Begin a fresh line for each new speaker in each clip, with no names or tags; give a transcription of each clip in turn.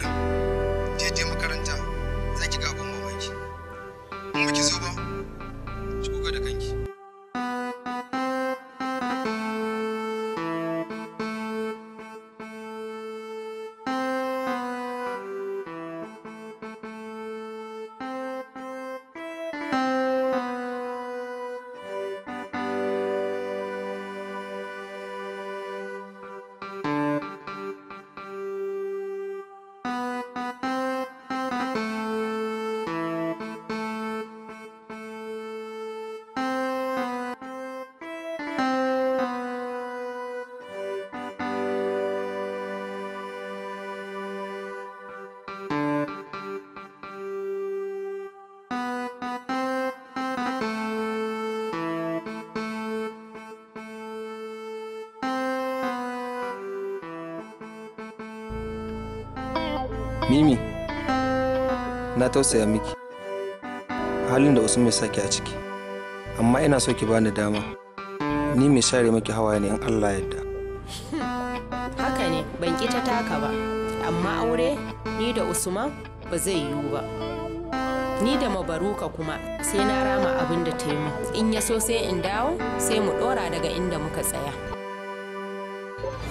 Señor. Mimi, na tausaya miki. Halin da Usman ya saki a ciki. Amma ina so ki bani dama. Ni mai share miki hawa ne in Allah
yadda. Haka ne, ban ki ta taka ba. Amma aure ni da Usman ba zai yiwu ba. Ni da mabaruka kuma sai na rama abin da ta yi In ya so sai in dawo sai mu ɗora daga inda muka tsaya.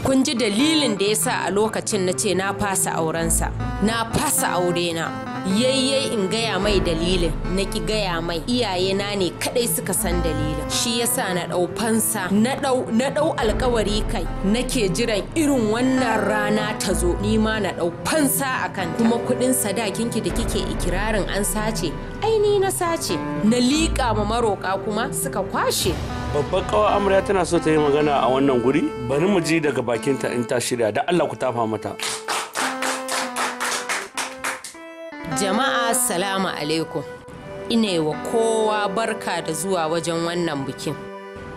kun ji dalilin da ya sa a lokacin na ce na fasa aurensa na fasa aurena yayye in gaya mai dalilin na ki gaya mai iyaye na ne kadai suka san dalilin shi yasa na dau fansa na dau na dau alkawari kai nake jiran irin wannan rana ta zo ni ma na dau fansa akan kuma kudin sadakin ki da kike ikirarin an sace aini na sace na liƙa ma maroka kuma suka kwashe
babbar kawa amarya tana so ta yi magana a wannan guri
bari mu ji daga bakinta in ta shirya da allah ku tafa mata
jama'a salamu alaikum ina wa kowa barka da zuwa wajen wannan bikin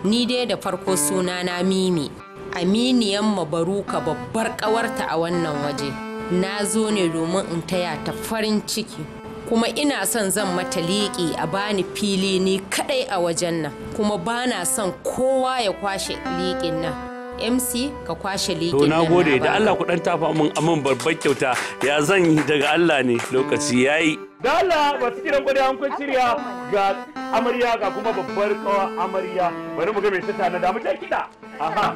ni dai da farko suna na mimi aminiyan mabaruka babbar kawarta a wannan waje na zo ne domin in taya ta farin ciki kuma ina son zan mata liƙi a bani fili ni kaɗai a wajen nan kuma bana son kowa ya kwashe liƙin nan MC ka kwashe liƙin To na gode da Allah
ku dan tafa min amin babbar kyauta ya zan yi daga Allah ne lokaci yayi.
Da Allah ba su kiran gwada an shirya ga
amarya ga kuma babbar kawa amarya bari mu ga mai ta tana da mu Aha.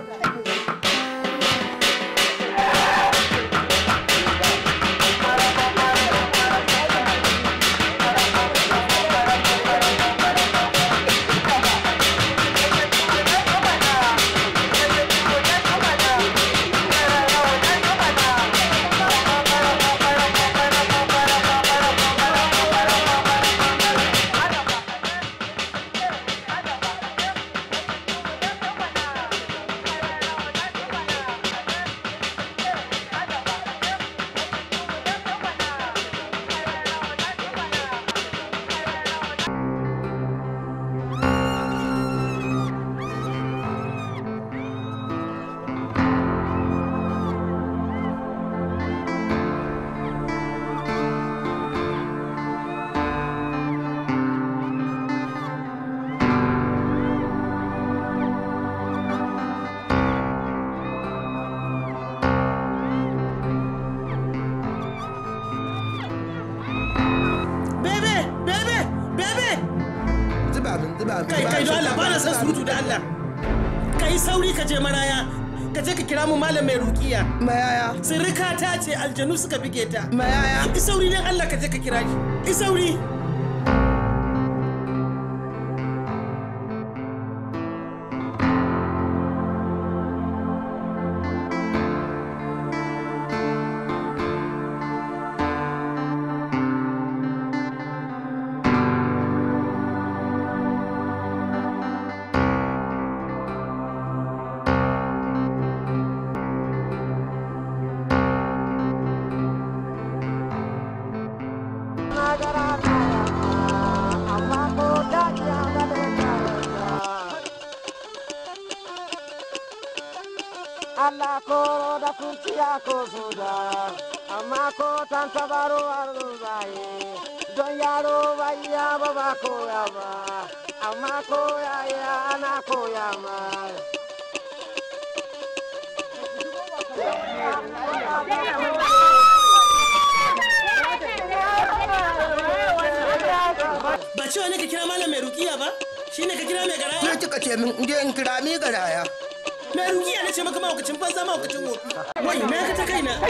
ce aljanu suka bige ta. Ma yaya? isauri ne dan Allah ka je ka kira shi. Ki sauri.
ana koya ya ana koya ma ba
ka kira malam mai rukiya ba shi ne ka kira mai garaya kika ce min in kira garaya mai rukiya na
ce maka wai ka ta ba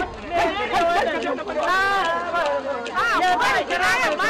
da garaya ba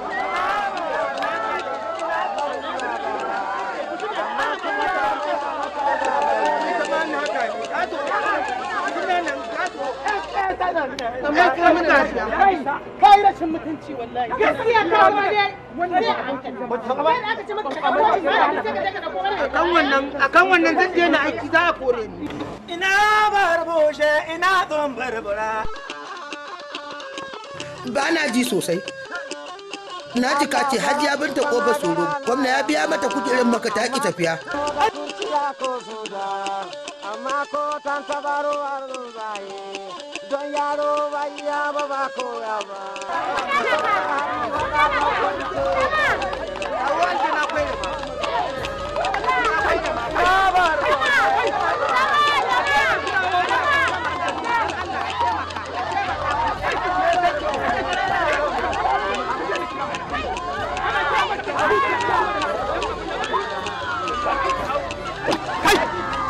abinci wallahi gaskiya ka aka ce
maka kawo sai ka je ka dauko akan wannan akan wannan zan je na aiki za
a kore ni ina barbushe ina tsun barbura
ba na ji sosai na cika ce hajiya binta kofar tsoro gwamna ya biya mata kujerin maka ta ki tafiya
amma ko tan yaro bayya ba ba koya ba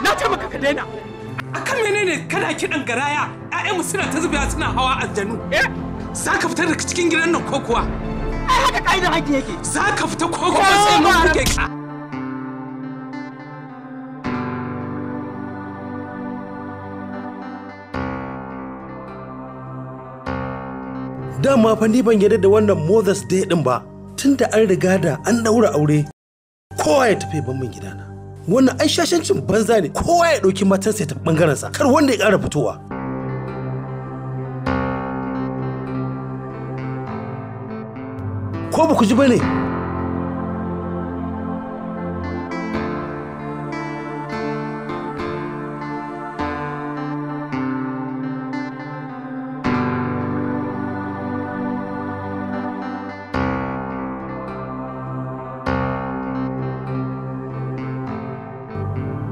Na ce maka ka daina, akan menene kana kiɗan garaya 'ya'yanmu suna ta zubewa suna hawa aljanu eh, za ka fitar da cikin gidan nan ko kuwa ai haka ka'idar haƙƙi yake za ka fita ko kuwa sai mun buge
ka
dama fa ni ban yarda da wannan Moses Day din ba tunda an riga da an daura aure kowa ya tafi ban min gidana wannan ai shashancin banza ne kowa ya ɗauki matarsa ta bangaren sa kar wanda ya ƙara fitowa ko ba ku ji ba ne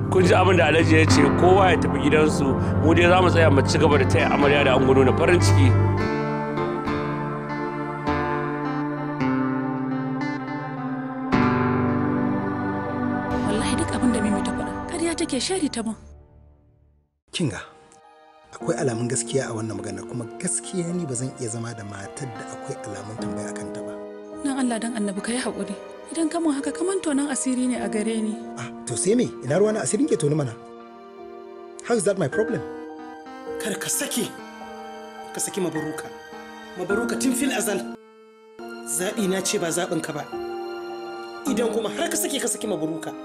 kun ji abin da alhaji ya ce kowa ya tafi gidansu mu dai za mu tsaya mu ci gaba da taya amarya da an gudu na farin ciki
ke ta ban.
Kinga, akwai alamun gaskiya a wannan magana kuma gaskiya ni ba zan iya zama da matar da akwai alamun
tambaya akan ta ba. Nan Allah dan annabi ka yi haƙuri. Idan ka mun haka kaman tonon asiri ne a gare ni.
Ah, to sai me? Ina ruwa na asirin ke toni mana? How is that my problem? Kar ka sake. Ka saki mabaruka. Mabaruka tun fil azal. Zaɓi na ce ba ka ba. Idan kuma har ka sake ka saki mabaruka.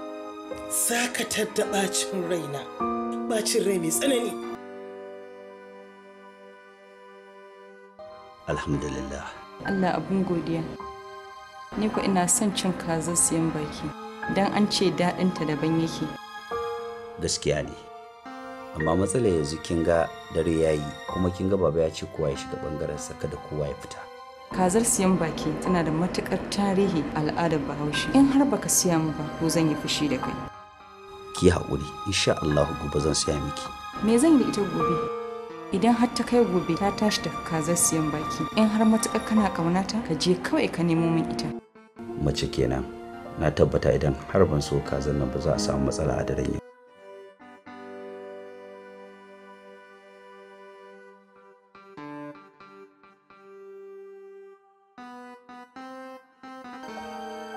za ka tadda bacin raina bacin
rai mai tsanani
alhamdulillah
allah abin godiya ni ina son cin kazar siyan baki don an ce daɗinta daban yake
gaskiya ne amma matsala yanzu kin ga dare yayi kuma kin ga baba ya ce kowa ya shiga bangaren saka da kowa ya fita
kazar siyan baki tana da matukar tarihi al'adar bahaushe in har baka siya mu ba ko zan yi fushi da kai
ki haƙuri insha Allah gobe zan siya miki
me zan yi ita gobe idan har ta kai gobe ta tashi da kazar siyan baki in har matukar kana kaunata ka je kawai ka nemo min ita
mace kenan na tabbata idan har ban so kazan nan ba za a samu matsala a daren yau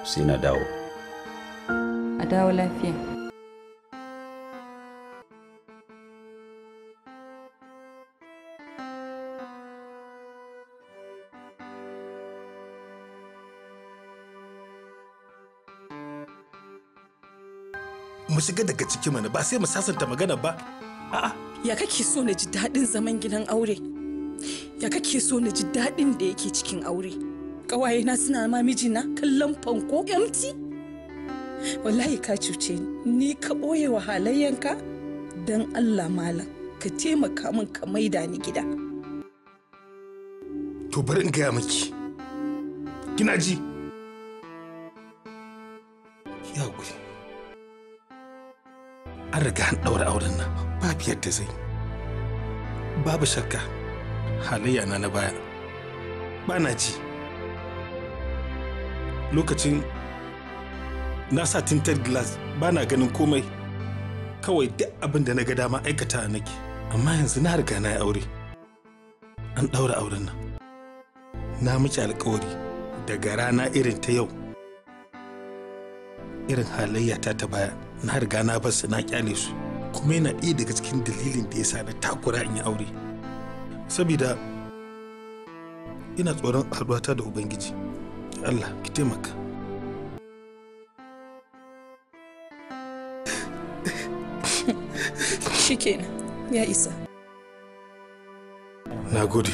sai na dawo
a dawo lafiya mu
shiga daga ciki mana ba sai mu sasanta magana ba
a'a ya kake so na ji daɗin zaman gidan aure ya kake so na ji daɗin da yake cikin aure kawaye na suna ma mijina kallon fanko empty wallahi ka cuce ni ka ɓoye wa halayyanka don allah malam ka taimaka min ka maida ni gida
to bari in gaya miki kina ji ya guri an riga an ɗaura auren nan babu yadda zai babu shakka halayya na na baya ba na ji lokacin na sa tinted glass ba na ganin komai kawai duk abin da na ga dama aikata nake amma yanzu na riga na yi aure an ɗaura auren nan na miki alkawari daga rana irin ta yau irin halayya ta ta baya na riga na su na kyale su kuma yana iya daga cikin dalilin da ya sa na takura in yi aure saboda ina tsoron haɗuwata da ubangiji Allah ki taimaka
shikenan
ya isa na gode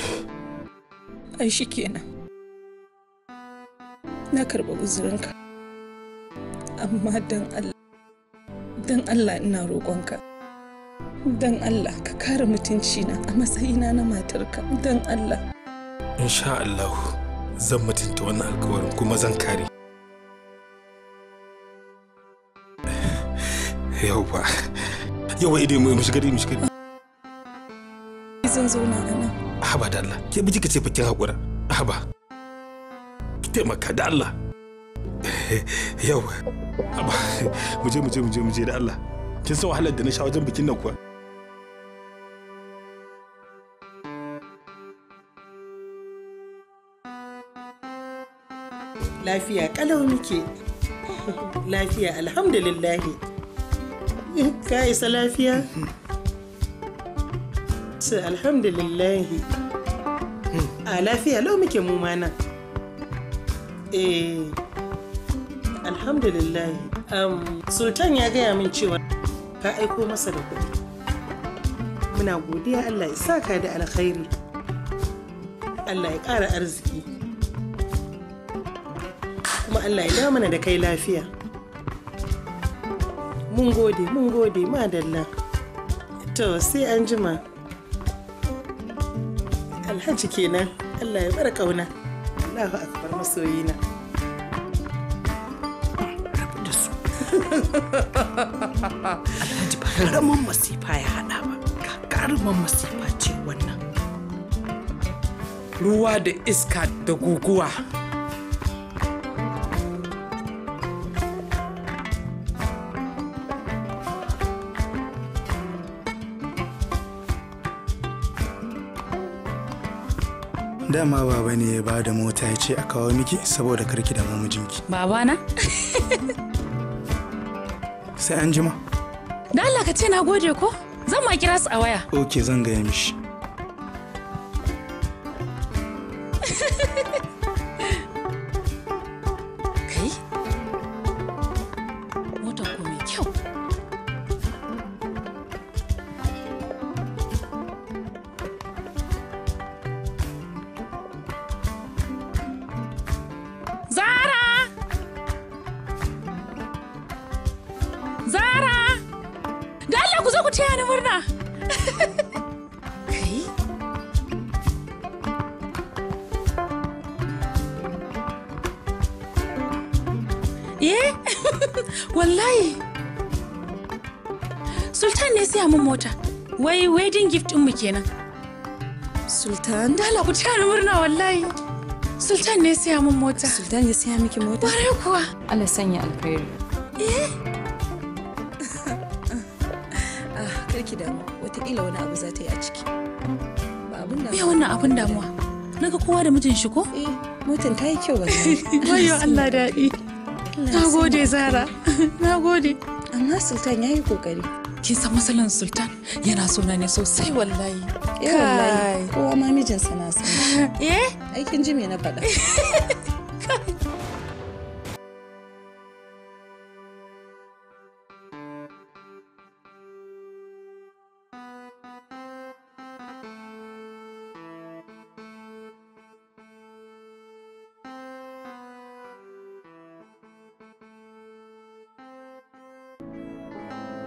ai shikenan na karɓi uzurinka amma don Allah don Allah ina roƙonka don Allah ka kare mutuncina a matsayina na matarka don Allah
insha Allah zan mutunta wannan alkawarin kuma zan kare yauwa yauwa idan mu shiga mu shiga
zan zo a nan
haba da Allah ke biji ce fakin hakura haba ki taimaka da Allah yauwa haba muje-muje muje muje da Allah kin san wahalar da na sha wajen bikin nan kuwa
lafiya kalau muke lafiya alhamdulillahi eh, ka isa lafiya su alhamdulillahi hmm. a lafiya lau muke mu mana eh alhamdulillahi um, sultan ya gaya min cewa ka aiko masa da kuɗi muna godiya allah ya saka da alkhairi allah ya ƙara arziki kuma Allah ya mana da kai lafiya mun gode mun gode madalla to sai an jima alhaji kenan Allah ya bar kauna Allahu akbar masoyina Alhaji ba karamin masifa ya haɗa ba, karamin masifa ce wannan. Ruwa da iska da guguwa.
dama baba ne ya ba da mota ya ce a kawo miki saboda karki da mamijinki baba na sai an jima
da Allah ka ce na gode ko zan ma kira su a waya
ok zan gaya mishi
wallahi sultan ne siya mun mota wai wedding gift mu kenan sultan dala ku tara murna wallahi sultan ne siya mun mota sultan ya siya miki mota bare kuwa
Allah sanya alkhairi eh ah
karki wata wataƙila wani abu za ta yi a ciki ba abun da me wannan abun damuwa naga kowa da mijin shi ko eh motan ta yi kyau wallahi wayo Allah dadi
na gode zara
na gode amma sultan ya yi kokari kin san matsalan sultan yana na ne sosai wallahi eh wallahi kowa ma na san eh aikin ji na faɗa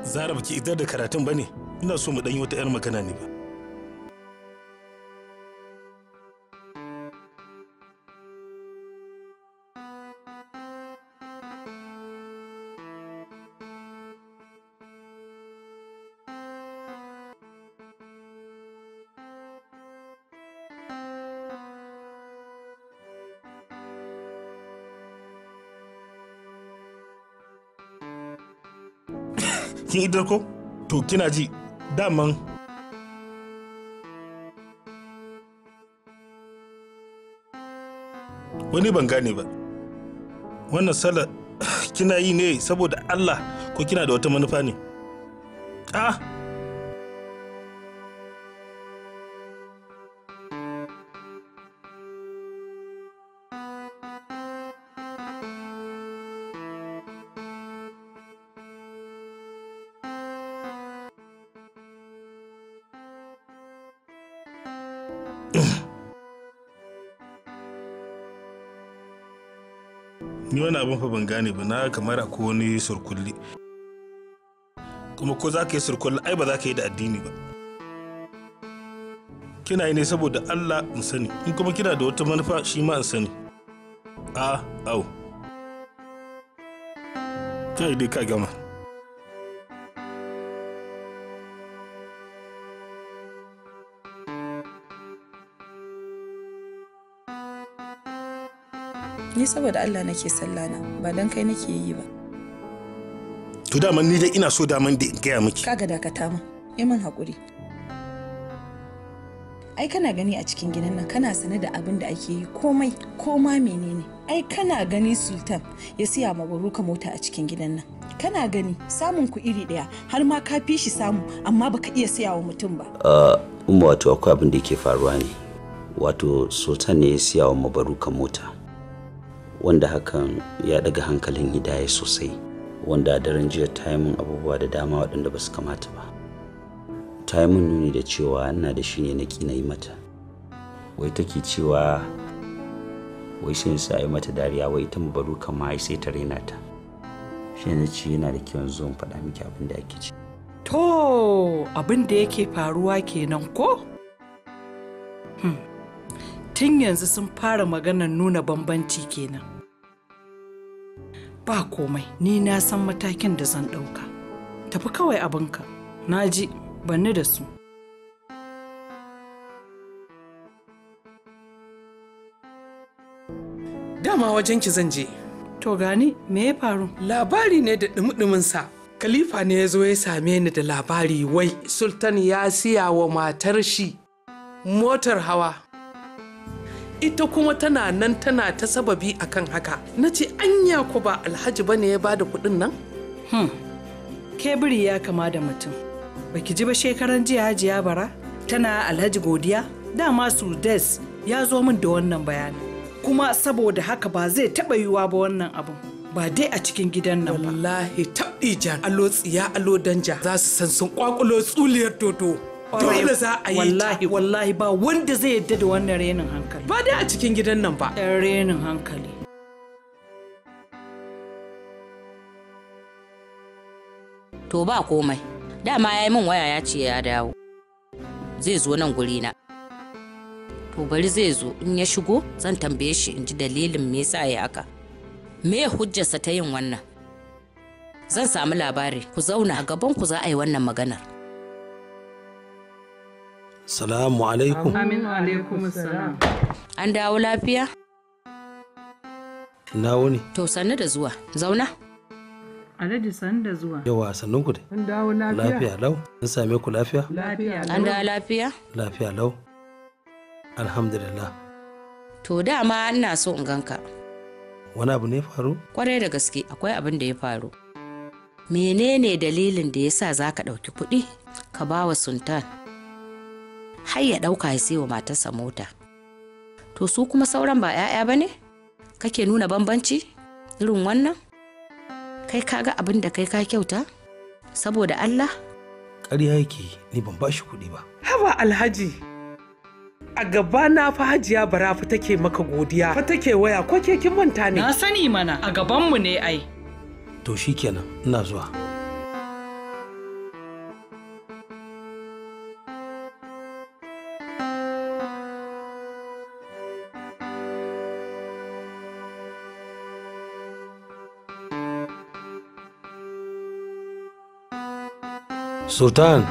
Zara baki idar da karatun bane. Ina so mu dan wata 'yar magana ne ba. kin idar ko to kina ji daman wani ban gane ba wannan sallar kina yi ne saboda allah ko kina da wata manufa ne ah abin fa ban gane ba na kamar akwai wani surkulli kuma ko za ka yi surkulli ai ba za ka yi da addini ba kina yi ne saboda Allah in sani in kuma kina da wata manufa shi ma in sani a au kai dai ka gama
saboda Allah nake sallah na ba dan kai nake yi ba
to daman ni dai ina so daman da in gaya miki
kaga dakata mu i min hakuri ai kana gani a cikin gidan nan kana sane da abin da ake yi komai koma menene ai kana gani sultan ya siya ma baruka mota a cikin gidan nan kana gani samun ku iri daya har ma ka fi shi samu amma baka iya siya wa mutum ba
uh, wato akwai abin da yake faruwa ne wato sultan ne ya siya wa baruka mota wanda hakan ya daga hankalin hidaya sosai wanda a daren jiya ta yi abubuwa da dama waɗanda ba su kamata ba ta yi min nuni da cewa ina da shi ne na ƙi na yi mata wai take cewa wai sai sa yi mata dariya wai ita baro mabarukan ma sai ta raina ta shi ne ci yana da kyau zuwan faɗa miki abin da ake ci.
To abin da yake faruwa kenan ko? Hmm. tun yanzu sun fara maganar nuna bambanci kenan ba komai ni na san matakin da zan ɗauka tafi kawai abinka na ji banni da su dama wajen ki zan je to gani me ya faru labari ne da ɗumi sa Khalifa ne ya zo ya same ni da labari wai Sultan ya siya wa matar shi motar hawa ita kuma tana nan tana ta sababi akan haka na ce anya ku ba alhaji ba ne ya bada kuɗin nan? hmm kebiri ya kama da mutum baki ji ba shekaran jiya hajiya bara tana alhaji godiya dama su des ya zo min da wannan bayanin kuma saboda haka ba zai taɓa yiwa ba wannan abun ba dai a cikin gidan nan ba wallahi taɓi jan alo tsiya alo danja za su san sun kwakulo tsuliyar toto dole za a yi wallahi wallahi ba wanda zai yadda da wannan renin hankali ba dai a cikin
gidan nan ba ɗan renin hankali to ba komai dama ya yi min waya ya ce ya dawo zai zo nan guri na to bari zai zo in ya shigo zan tambaye shi in ji dalilin me yasa ya haka me hujjarsa ta yin wannan zan samu labari ku zauna a gaban ku za a yi wannan maganar
Salamu alaikum. Amin
alaikum salam. An dawo lafiya? Na wuni. To sannu da zuwa, zauna. Alhaji sannu da zuwa.
Yawa sannun ku da?
An dawo lafiya. Lafiya
lau. An same ku lafiya?
Lafiya lau. An dawo lafiya?
Lafiya lau. Alhamdulillah.
To dama ina so in ganka. Wani abu ne faru? Kwarai da gaske akwai abin da ya faru. Menene dalilin da ya sa za ka ɗauki kuɗi ka ba wa Sultan har ya ɗauka ya sayo matarsa mota to su kuma sauran ba 'ya'ya ba ne kake nuna bambanci irin wannan kai ka ga abin da kai ka kyauta saboda Allah
ƙarya yake ni ban ba shi kuɗi ba haba alhaji a gaba na fa hajiya bara fa take maka godiya fa take waya ko ke kin manta ne
na sani mana a gaban mu ne ai
to shikenan ina zuwa Sultan,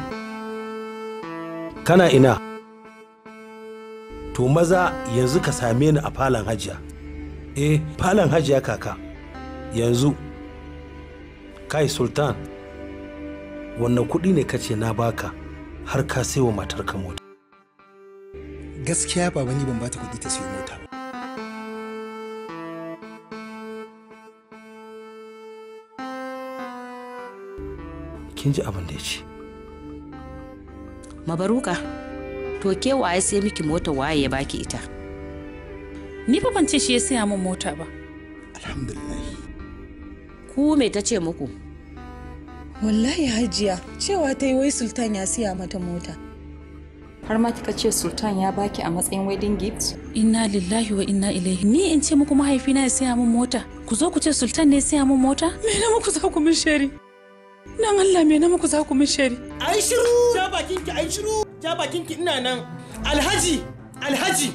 kana ina? To maza yanzu ka same ni a falon hajiya. Eh, falon hajiya kaka, yanzu. Kai Sultan, wannan kuɗi ne kace na baka har ka saiwa ka mota. Gaskiya ba ban bata kuɗi ta siyo mota kin ji abin da ya ce
mabaruka to ke waye sai miki mota waye ya baki ita ni fa ban ce shi ya saya min mota ba alhamdulillah ku me ta ce muku
wallahi hajiya cewa ta yi wai sultan ya siya mata mota har ma kika ce sultan ya baki a matsayin wedding gift inna lillahi wa inna ilaihi ni in ce muku mahaifina ya saya min mota ku zo ku ce sultan ne ya saya min mota me na muku za ku min shari nan Allah me na muku za ku min shari ai shiru ja
bakin ki ai shiru ja bakin ina nan alhaji alhaji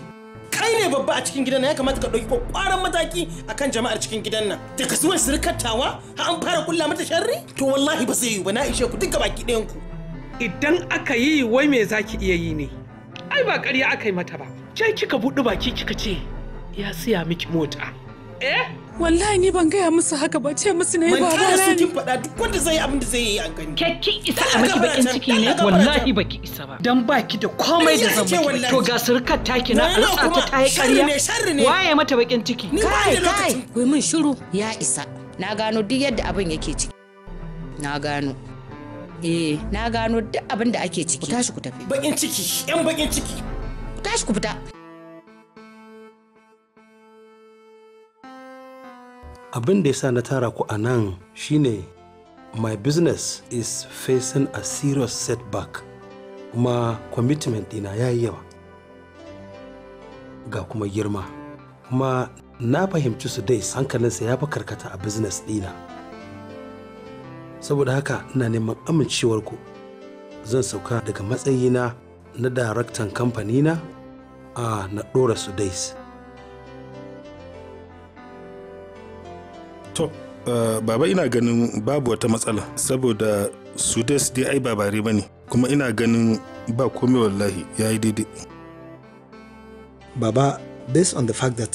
kai ne babba a cikin gidan nan ya kamata ka dauki kwakwaran mataki akan jama'ar cikin gidan nan da kasuwar sirkattawa har an fara kulla mata sharri to wallahi ba zai yi ba na ishe ku duka baki ɗayan ku idan aka yi wai me zaki iya yi ne ai ba ƙarya aka yi mata ba ce kika buɗe baki kika ce ya siya miki mota
eh wallahi ni ban gaya musu haka ba ce musu ne ba ba na kin faɗa duk wanda zai abin da zai yi a gani ke isa a maki bakin ciki ne wallahi baki isa ba
dan baki da komai da zan maki to ga surkar taki na alsa ta tayi ƙarya waye mata bakin ciki kai kai
ku mun shiru ya isa na gano duk yadda abin yake ciki na gano eh na gano duk abin da ake ciki ku tashi ku tafi
bakin ciki yan bakin ciki
ku tashi ku fita
abin da ya sa na tara ku a nan shine my business is facing a serious setback kuma commitment dina ya yi yawa ga kuma girma kuma na fahimci su dai hankalinsa ya fi karkata a business dina saboda haka ina neman amincewarku zan sauka daga matsayina na daraktan kamfanina a ah, na ɗora su dais to eh, baba ina ganin babu wata matsala saboda su dai ai babare ba ne kuma ina ganin ba komai wallahi ya yi daidai baba based on the fact that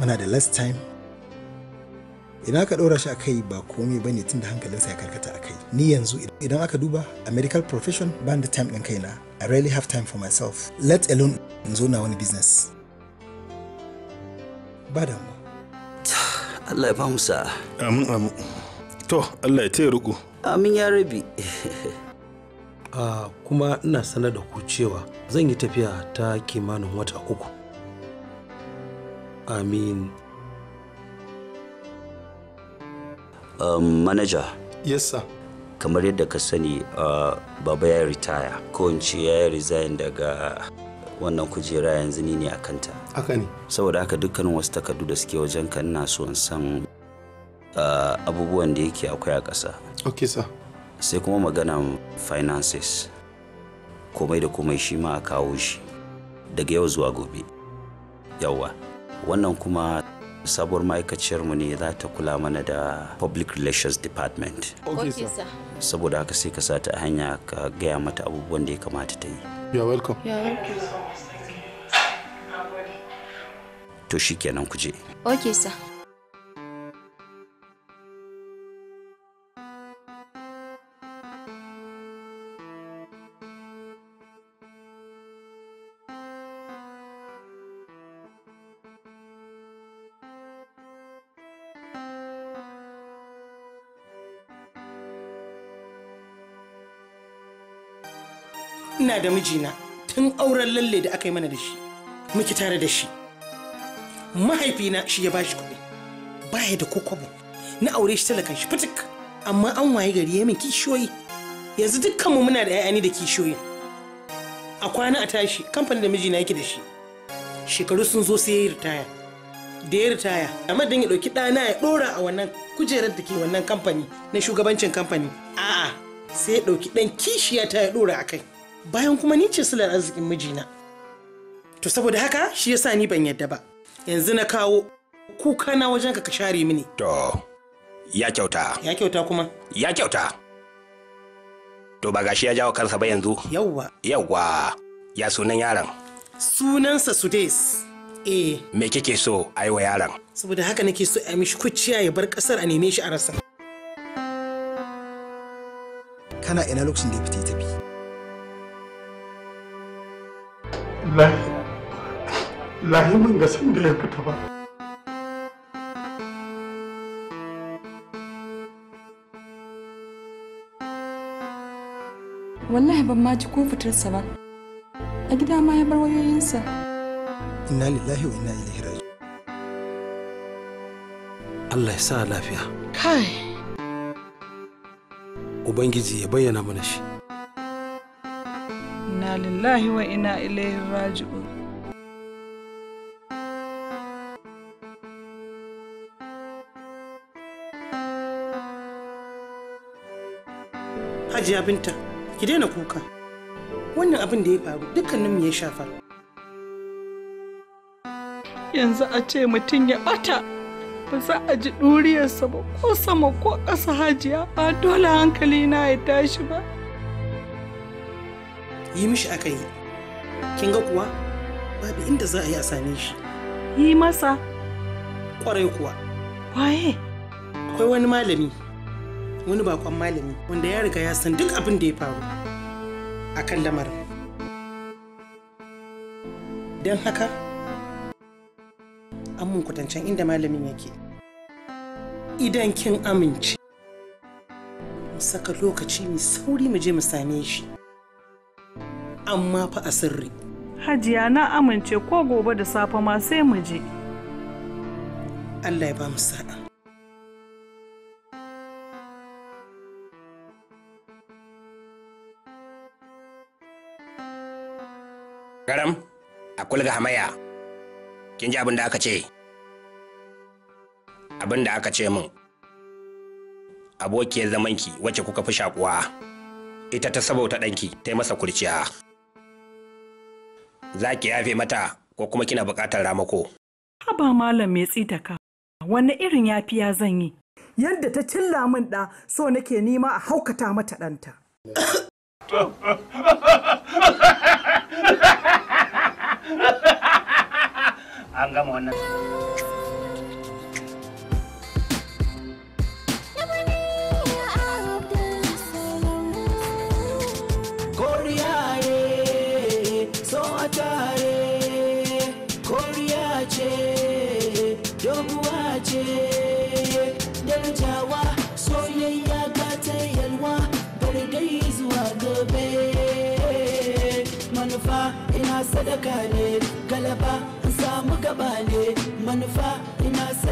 muna da last time idan aka ɗora shi a kai
ba komai ba ne tun da hankalinsa ya karkata a kai ni yanzu idan aka duba a medical profession ba da time ɗin kaina i really have time for myself let alone in zo na wani business ba damuwa
Allah ya ba mu sa'a. Amin amin. To Allah ya taya riko. Amin ya rabi.
Ah, kuma ina sanar da ku cewa zan yi tafiya ta kimanin wata uku.
Amin. Um, manager. Yes sir. Kamar yadda ka sani uh, baba ya ritaya ko in ce ya yi resign daga wannan kujera yanzu ne a kanta. haka ne saboda haka dukkanin wasu takardu da suke wajen ka ina so in san ah, abubuwan da yake akwai a ƙasa ok sa sai kuma magana finances komai da komai shi ma a kawo shi daga yau zuwa gobe yawa wannan kuma sabuwar ma'aikaciyarmu ne za ta kula mana da public relations department saboda haka sai ka sata hanya ka gaya mata abubuwan da ya kamata ta yi welcome, welcome. to kenan ku je
okay sa.
ina da mijina tun auren lalle da aka yi mana da shi muke tare da shi mahaifina shi ya bashi kuɗi baya da ko kwabo na aure shi talakan shi fitik amma an waye gari ya min kishiyoyi yanzu dukkanmu muna da 'ya'yani da kishiyoyi a kwana a tashi kamfanin da mijina yake da shi shekaru sun zo sai ya yi ritaya da ya ritaya a madadin ya ɗauki ɗana ya ɗora a wannan kujerar da ke wannan kamfani na shugabancin kamfani a'a sai ya ɗauki ɗan kishiya ta ya ɗora a kai bayan kuma ni ce sular arzikin mijina to saboda haka shi yasa ni ban yadda ba yanzu na kawo kuka na wajen ka share mini to ya
kyauta ya kyauta kuma ya kyauta to ba gashi ya jawo kansa ba yanzu yawwa yawwa ya sunan yaron
sunansa sudes eh
me kike so a yi wa yaron
saboda haka nake so a mishi kuciya ya bar kasar a neme shi a rasa kana ina lokacin da ya fita tafi wallahi ga san ya fita ba
wallahi ban ma ji ko fitarsa ba a gida ma ya bar wayoyinsa
inna lillahi wa
inna ilaihi raji Allah ya sa lafiya kai ubangiji ya bayyana mana shi
inna lillahi wa inna ilaihi raji'un
hajiya abinta ki daina kuka wannan abin da ya faru mu ya shafa yanzu a ce mutum ya bata ba za a ji ɗuriyarsa ba ko sama ko ƙasa hajiya ba dole hankali na ya tashi ba yi mishi aka yi kin ga kuwa babu inda za a yi a same shi yi masa ƙwarai kuwa waye akwai wani malami wani bakon malami wanda ya riga ya san duk abin da ya faru a kan lamarin don haka an mun inda malamin yake idan kin amince mu saka lokaci mai sauri mu je mu same shi amma fa a sirri
hajiya na amince ko gobe da safe ma sai mu je
Allah ya ba mu sa'a Karam, a kulga hamaya kin ji abin da aka ce abin da aka ce min
abokiyar zamanki wacce kuka fi shakuwa ita ta saboda ɗanki ta yi masa kurciya za ki yafe mata ko kuma kina buƙatar ramako
haba malam mai tsitaka wani irin yafiya zan yi yadda ta
cilla min ɗa so nake nima a haukata mata ɗanta
an gama wannan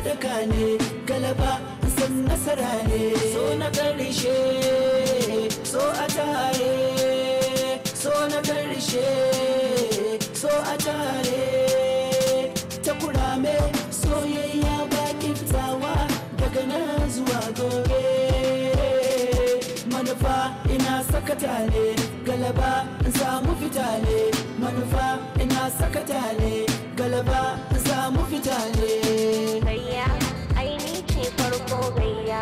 sadaka ne galaba san nasara ne so na karshe so a tare so na karshe so a tare ta kurame soyayya ba kiftawa daga nan zuwa gobe manufa ina sakata ne galaba samu fita ne manufa ina sakata ne galaba samu fita ne. Gayya, aini ce farko gayya.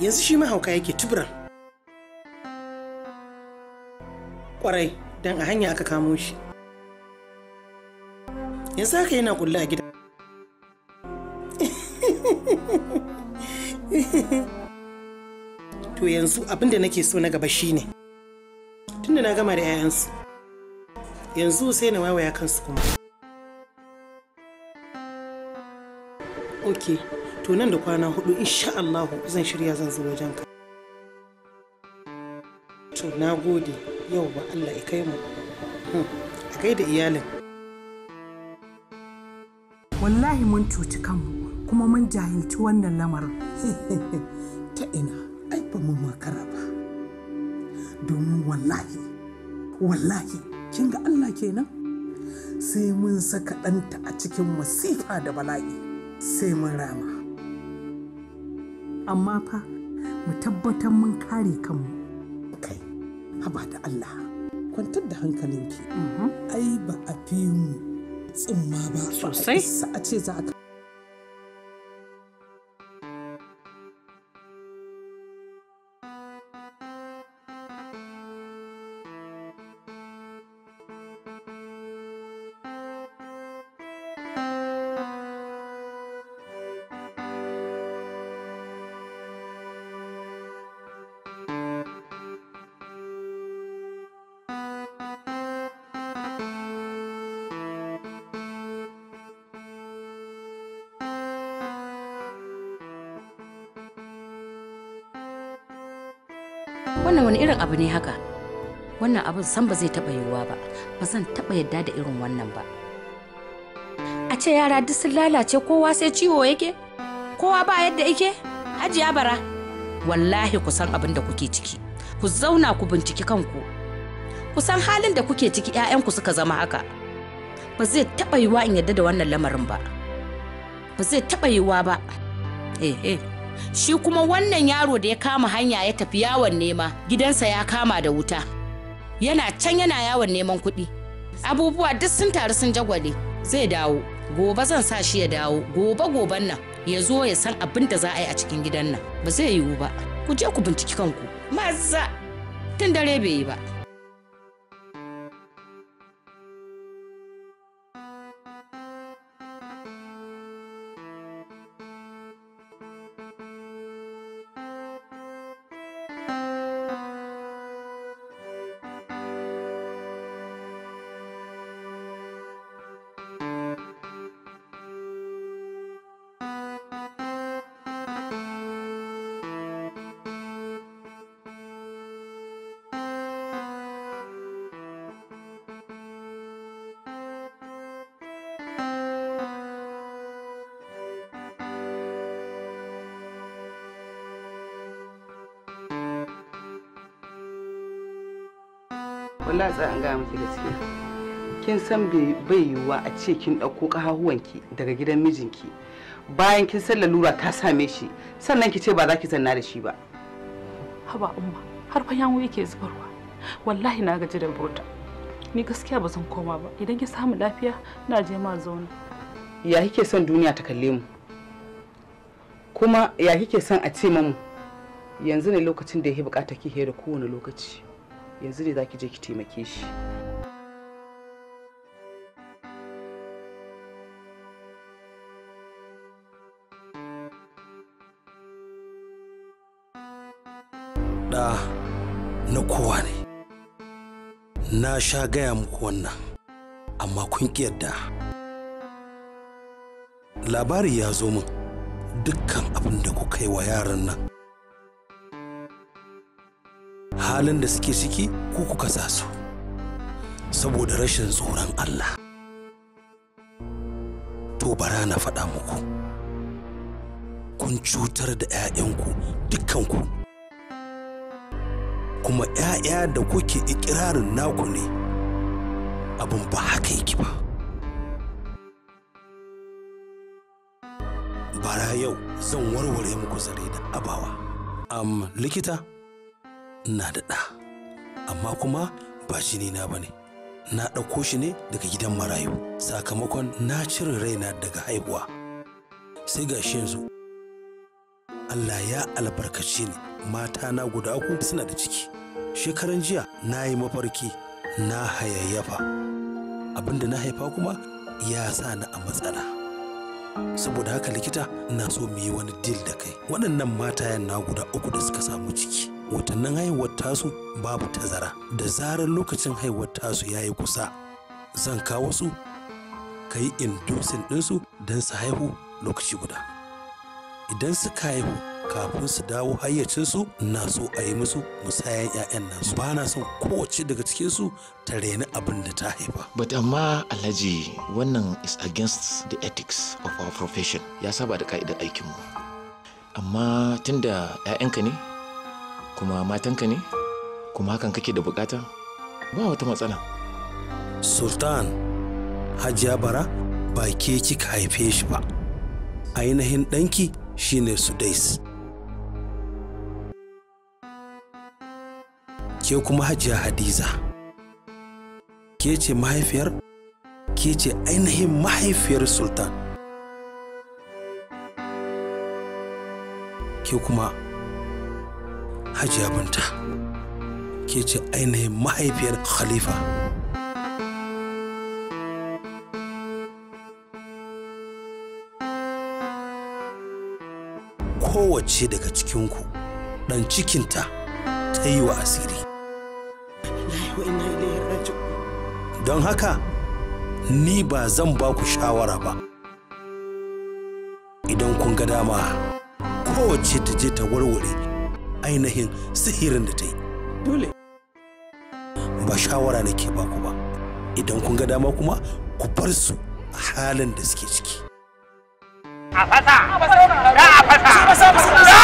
yanzu shi mahauka hauka yake tubura kwarai don a hanya aka kamo shi yanzu haka yana kulla a gida to yanzu abinda nake so na gaba shine tunda na gama da 'ya'yansu yanzu sai na wawaya kansu kuma ok to nan da kwana hudu insha Allah zan shirya zan zo wajen ka to na gode yau ba Allah ya kai mu hmm, a kai da iyalin wallahi mun cuci kanmu kuma mun jahilci wannan lamarin ta ina ai ba mu makara ba domin wallahi wallahi kin ga Allah kenan sai mun saka ɗanta a cikin masifa da bala'i sai mun rama amma fa mu tabbatar mun kare kanmu kai haba da Allah kwantar da hankalinki mhm. ai ba
a fi mu tsimma ba sosai
a ce za a
wannan wani irin abu ne haka wannan abin san ba zai taɓa yiwuwa ba ba zan taɓa yadda da irin wannan ba a ce yara duk sun lalace kowa sai ciwo yake kowa ba yadda yake hajiya bara wallahi ku san abin da kuke ciki ku zauna ku binciki kanku ku san halin da kuke ciki ku suka zama haka ba zai taɓa yiwuwa in yadda da wannan lamarin ba ba zai taɓa yiwuwa ba eh eh shi kuma wannan yaro da ya kama hanya ya tafi yawon nema gidansa ya kama da wuta yana can yana yawon neman kuɗi abubuwa duk sun taru sun jagwale zai dawo gobe zan sa shi ya dawo gobe goben nan ya zo ya san abin da za a yi a cikin gidan nan ba zai yiwu ba ku je ku binciki kanku maza tun dare bai yi ba
wallahi an gaya miki gaskiya kin san bai yiwuwa a ce kin ɗauko ƙahahuwanki daga gidan mijinki bayan kin san lalura ta same shi sannan ki ce ba za ki zanna da shi ba
haba umma har fa yawo yake zubarwa wallahi na gaji da bota ni gaskiya ba zan koma ba idan ki samu lafiya na je ma zauna
ya kike son duniya ta kalle mu kuma ya kike son a ce mamu yanzu ne lokacin da ya bukatar ki hira kowane lokaci yanzu ne za ki je ki taimake shi
ɗa na kowa ne na sha gaya muku wannan amma kun yadda labari ya zo min dukkan abin da kuka yi wa yaran nan halin da suke ciki ko kuka sa su saboda rashin tsoron Allah to bara na faɗa muku kun cutar da 'ya'yanku ku. kuma 'ya'ya da kuke ikirarin naku ne abin ba haka yake ba bara yau zan warware muku zare da abawa am likita ina da ɗa amma kuma ba jini na bane na ɗauko shi ne daga gidan marayu sakamakon na cire raina daga haihuwa sai ga yanzu Allah ya albarkaci ni mata na guda uku suna da ciki shekaran jiya na yi mafarki na hayayyafa abinda na haifa kuma ya sa ni a matsala saboda haka likita na so mu yi wani dil da kai waɗannan matayen na guda uku da suka samu ciki watannin haihuwar tasu babu tazara da zarar lokacin haihuwar tasu ya yi kusa zan kawo su ka yi indusin ɗinsu don su haihu lokaci guda idan suka haihu kafin su dawo hayyacinsu na so a yi musu musayan 'ya'yan nasu ba na son kowace daga cikinsu ta reni abin da ta haifa. but amma
alhaji wannan is against the ethics of our profession ya saba da ka'idar aikinmu amma tunda 'ya'yanka ne kuma matanka ne
kuma hakan kake da bukata ba wata matsala sultan hajiya bara ba ke kika haife shi ba ainihin ɗanki shine sudais ke kuma hajiya hadiza ke ce mahaifiyar ke ce ainihin mahaifiyar sultan ke kuma hajiya binta ke ce ainihin mahaifiyar khalifa kowace daga cikinku ɗan cikinta ta yi wa asiri don haka ni ba zan ba ku shawara ba idan kun ga dama kowace ta je ta warware ainihin sihirin da ta yi dole ba shawara nake ba ku ba idan kun ga dama kuma ku bar su a halin da suke ciki a fasa a fasa a fasa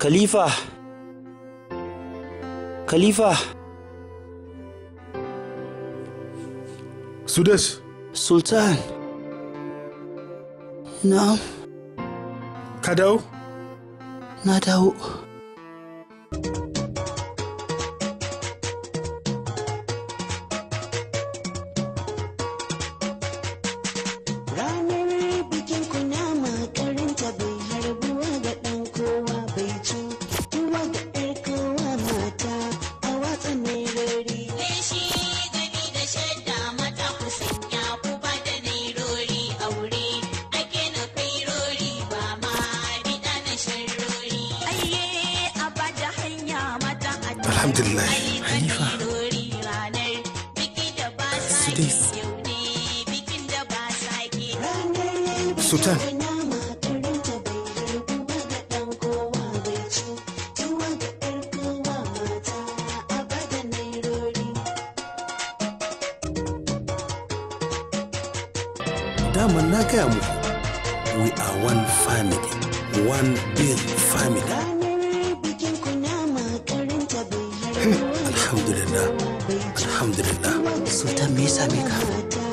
Khalifa Khalifa سداس سلطان نعم كداو ناداو
الحمد لله الحمد لله السلطان ميسا
ميكا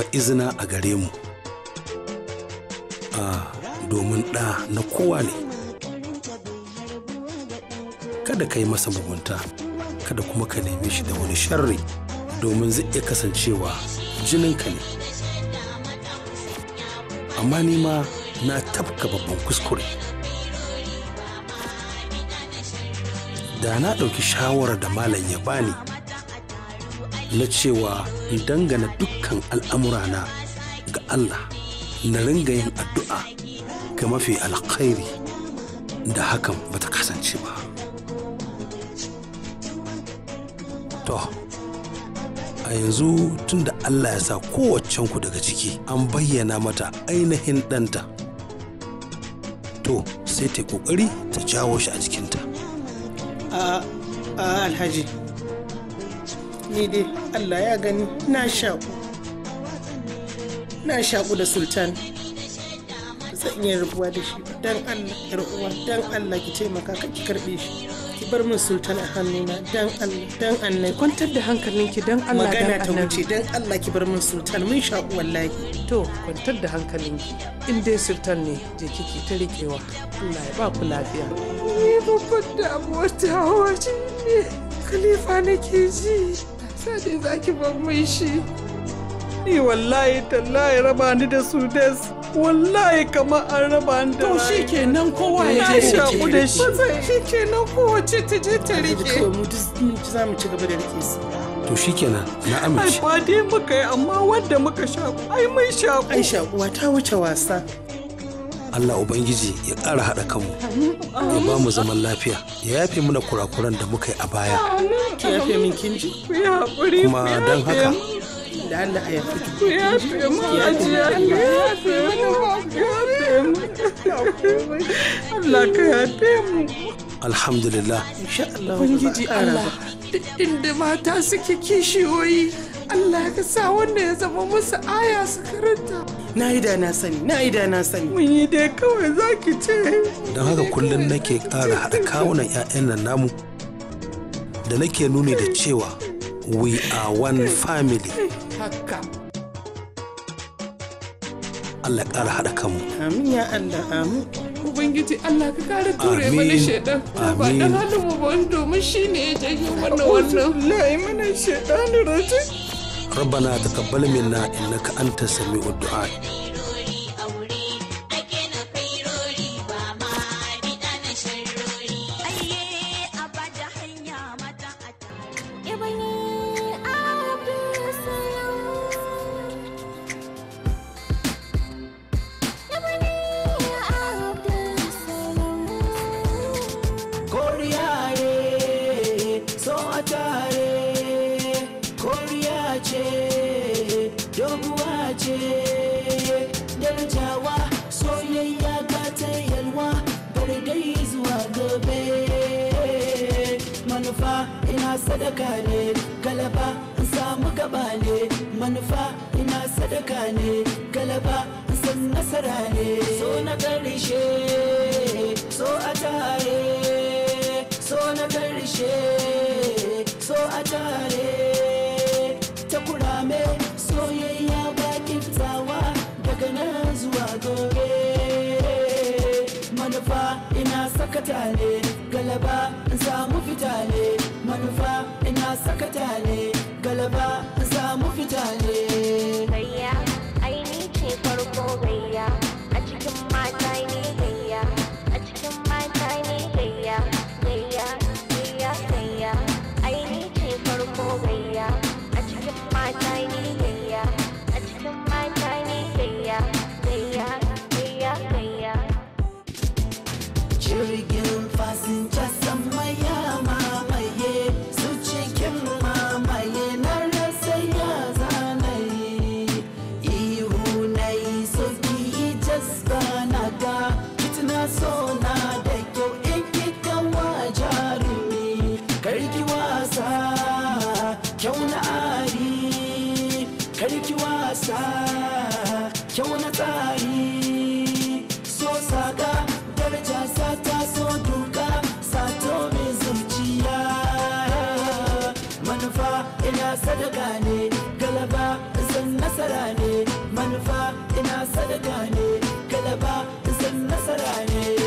zama izina a gare mu a ah, domin ɗa na kowa ne kada ka yi masa mugunta kada kuma ka nemi shi da wani sharri domin zai iya kasancewa jininka ne amma ni ma na tafka babban kuskure da na ɗauki shawara da malam ya bani na cewa dangana duk dukkan al'amurana ga Allah na ringa yin addu'a ga mafi alkhairi da hakan ba ta kasance ba. To, a yanzu tun da Allah ya sa kowaccenku ku daga ciki an bayyana mata ainihin ɗanta. To, sai ta ƙoƙari ta jawo shi a jikinta.
A alhaji, ni dai Allah ya gani na shaƙo. na shaƙu da sultan zan iya rubuwa da shi don allah yar uwa don allah ki taimaka ka ki karɓe shi ki bar min sultan a hannuna don allah don allah kwantar da hankalin ki. don allah magana ta wuce don allah ki bar min sultan mun shaƙu wallahi to kwantar da ki in dai sultan ne je kike ta riƙewa allah ya ba ku lafiya
ni babban damuwar ta hawa ne khalifa nake ji sai dai
zaki ban mai shi ni wallahi tallahi raba ni da su des wallahi kamar an raba ni da to shi kenan kowa ya je shi ke da shi shi kenan kowa ce ta je ta rike mu duk za mu ci gaba da rike su
to shi kenan na amince ai
ba dai muka yi amma wanda muka shaku ai mai shaku ai shakuwa ta wuce wasa
Allah Ubangiji ya ƙara haɗa kanmu ya ba mu zaman lafiya ya yafe mana kurakuran da muka yi a baya.
Ya yafe min kinji? Kuma don haka da Allah a yafi
ku yafe mu ajiya yafe
mu yafe mu
Allah ka yafe mu alhamdulillah
insha Allah ubangiji Allah inda mata suke kishiyoyi Allah ka sa wanda ya zama musu aya su karanta
na yi da na sani na yi da na sani mun yi dai kawai za ki ce
don haka kullum nake ƙara haɗa kawunan 'ya'yan nan namu da nake nuni da cewa we are one family Allah ƙara
haɗa kanmu amin ya Allah amin ubangiji Allah ka ƙara ture mana shaidan ba dan halin mu ba domin shine ya janyo wannan wannan Allah mana shaidan rajin
Rabbana taqabbal minna innaka antas السميع du'a.
manufa ina sadaka ne galaba san nasara ne so na karshe so a tare so na karshe so a tare ta kurame sakatale galaba in samu fitale manufa ina sakatale galaba in samu fitale gayya aini ce farko gayya a cikin ina sadaka ne galaba zan nasara ne manufa ina sadaka ne galaba zan nasara ne